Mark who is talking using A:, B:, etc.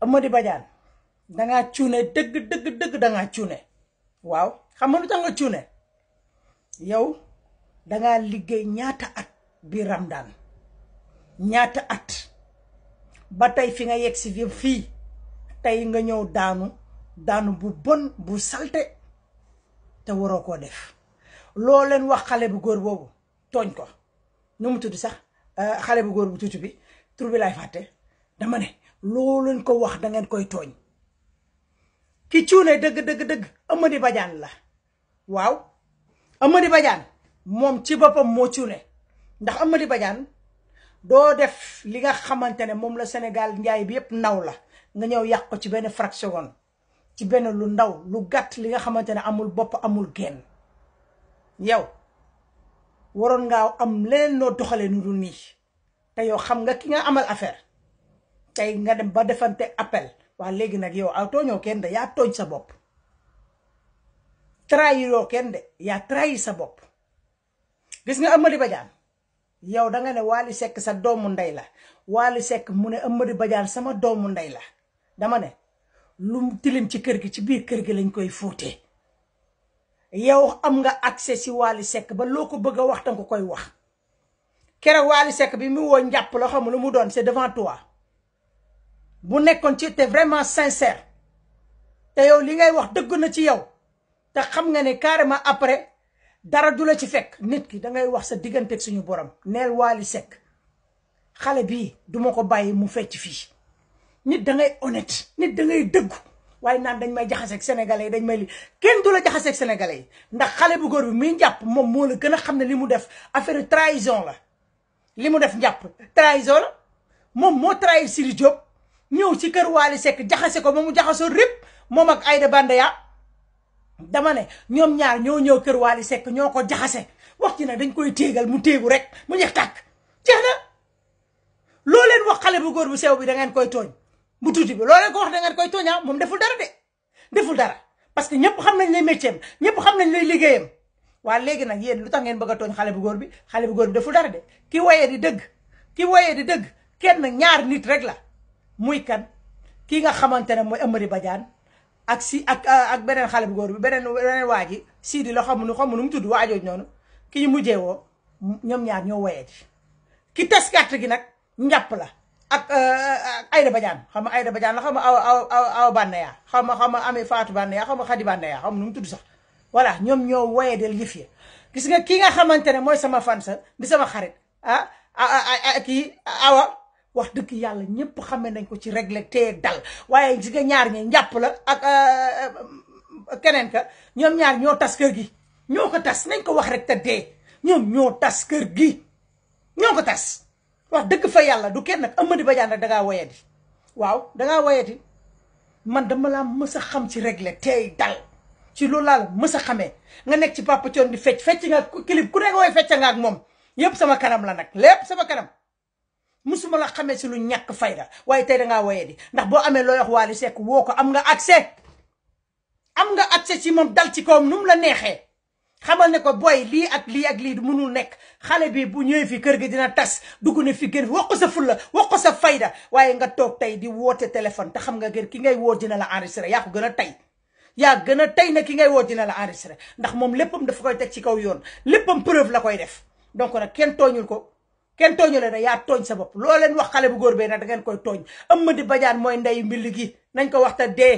A: Amady bajaan dangaa cuune dëgg dëgg dëgg dangaa cuune waaw xam nga lu tax nga cuune yow dangaa liggéey ñaata at biir Ramadan ñaata at ba tey fi nga yegg si fii tey nga ñëw daanu daanu bu bon bu salte te waroo koo def loo leen wax xale bu góor boobu tooñ ko nu mu tudd sax euh, xale bu góor bu tuuti bi tur bi fàtte dama ne looluñ ko wax dangeen koy tooñ ki cuune dëgg dëgg dëgg Amady Badiane la waaw Amady Badiane moom ci boppam moo cuune ndax Amady Badiane doo def li nga xamante ne moom la Sénégal njaay bi yépp naw la nga ñëw yàq ko ci benn fraction ci benn lu ndaw lu gàtt li nga xamante ne amul bopp amul genn yow waroon ngaaw am leen noo doxalee nu dul nii te yow xam nga ki nga amal affaire tey nga dem ba defante appel waa léegi nag yow aw tooñoo kenn de yaa tooñ sa bopp trahiroo kenn de yaa trahir sa bopp gis nga Amady Badiane yow danga ne Wally sekk sa doomu ndey la Wally sekk mu ne Amady Badiane sama doomu ndey la dama ne lu tilim ci kër gi ci biir kër gi lañ koy fóote yow am nga accès si Wally sekk ba loo ko bëgg a wax danga koy wax keroog Wally sekk bi muy woo njàpp la xam lu mu doon c'est devant toi bu nekkoon ci te vraiment sincère te yow li ngay wax dëgg na ci yow te xam nga ne carrément après dara du la ci fekk nit ki da ngay wax sa digganteeg suñu borom neel Wally Seck xale bii duma ko bàyyi mu fecc fii nit da ngay nit da ngay dëggu waaye naan dañ may jaxaseeg sénégalais yi dañ may li kenn du la jaxaseeg sénégalais yi ndax xale bu góor bi muy njàpp moom moo la gën a xam ne li mu def affaire trahison la li mu def njàpp trahison la moom moo trahir Siri Diop ñëw ci kër Waly sekk jaxase ko ba mu jaxasoo rip moom ak Aïda Bandaya dama ne ñoom ñaar ñoo ñëw kër Waly sekk ñoo ko jaxase wax ci nag dañ koy téegal mu téegu rek mu jeex tàkk jeex na loo wax xale bu góor bu sew bi da ngeen koy tooñ bu tuuti bi loo leen ko wax da ngeen koy tooñaa ah, moom deful dara de deful dara parce que ñëpp xam nañ lay métier am ñëpp xam nañ lay liggéeyam waa léegi nag yéen lu tax ngeen bëgg a tooñ xale bu góor bi xale bu góor bi dara de ki woyee di dëgg ki woyee di dëgg kenn ñaar nit rek la muy kan ki nga xamante ne mooy Amary Badiane ak si ak uh, ak beneen xale bu góor bi beneen beneen waa ji Sidi la xamu nu xamu nu mu tudd waajoo noonu ki mujjee woo ñoom ñaar ñoo woyee ji ki tes carte gi nag njàpp la ak uh, uh, Aïda Badiane xam nga Aïda Badiane la xam nga aw aw aw xam nga xam nga Ami Fatou Banaya xam nga Khady Banaya xam nu mu tudd sax voilà ñoom ñoo woyee del gis nga ki nga xamante ne mooy sama fansa sa di sama xarit ah, ah, ah, ki awa wax dëgg yàlla ñëpp xame nañ ko ci régler tee dal waaye si nga ñaar ñi njàpp la ak euh, euh, keneen ka ñoom ñaar ñoo tas kër gi ñoo ko tas nañ ko wax rek te dee ñoom ñoo tas kër gi ñoo ko tas wax dëgg fa yàlla du kenn nag ba Badiane rek dangaa woyati waaw dangaa woyati man dama laa mës a xam ci régler tey dal ci loolu laa la xamee nga nekk ci Papa Thione di fecc fecc nga clip ku nekk wooy fecc nga ak moom yëpp sama kanam la nag lépp sama kanam musuma la xamee si lu ñàkk fayda waaye tey dangaa woyee di ndax boo amee loo wax Wally Seck woo ko am nga accès am nga accès si moom dal ci kawam nu mu la neexee xamal ne ko booy lii ak lii ak lii du mënul nekk xale bi bu ñëwee fi kër gi dina tas dugg ne fi gën wax ko sa fulla wax ko sa fayda waaye nga toog tey di woote téléphone te xam nga gën ki ngay woo dina la enregistré yaa ko gën a tey yaa gën a tey na ki ngay woo dina la enregistré ndax moom léppam dafa koy teg ci kaw yoon léppam preuve la koy def donc nag kenn tooñul ko kenn tooñu leen yaa tooñ sa bopp loo leen wax xale bu góor bee nag da ngeen koy tooñ Amady Badiane mooy ndeyu mbill gi nañ ko wax te dee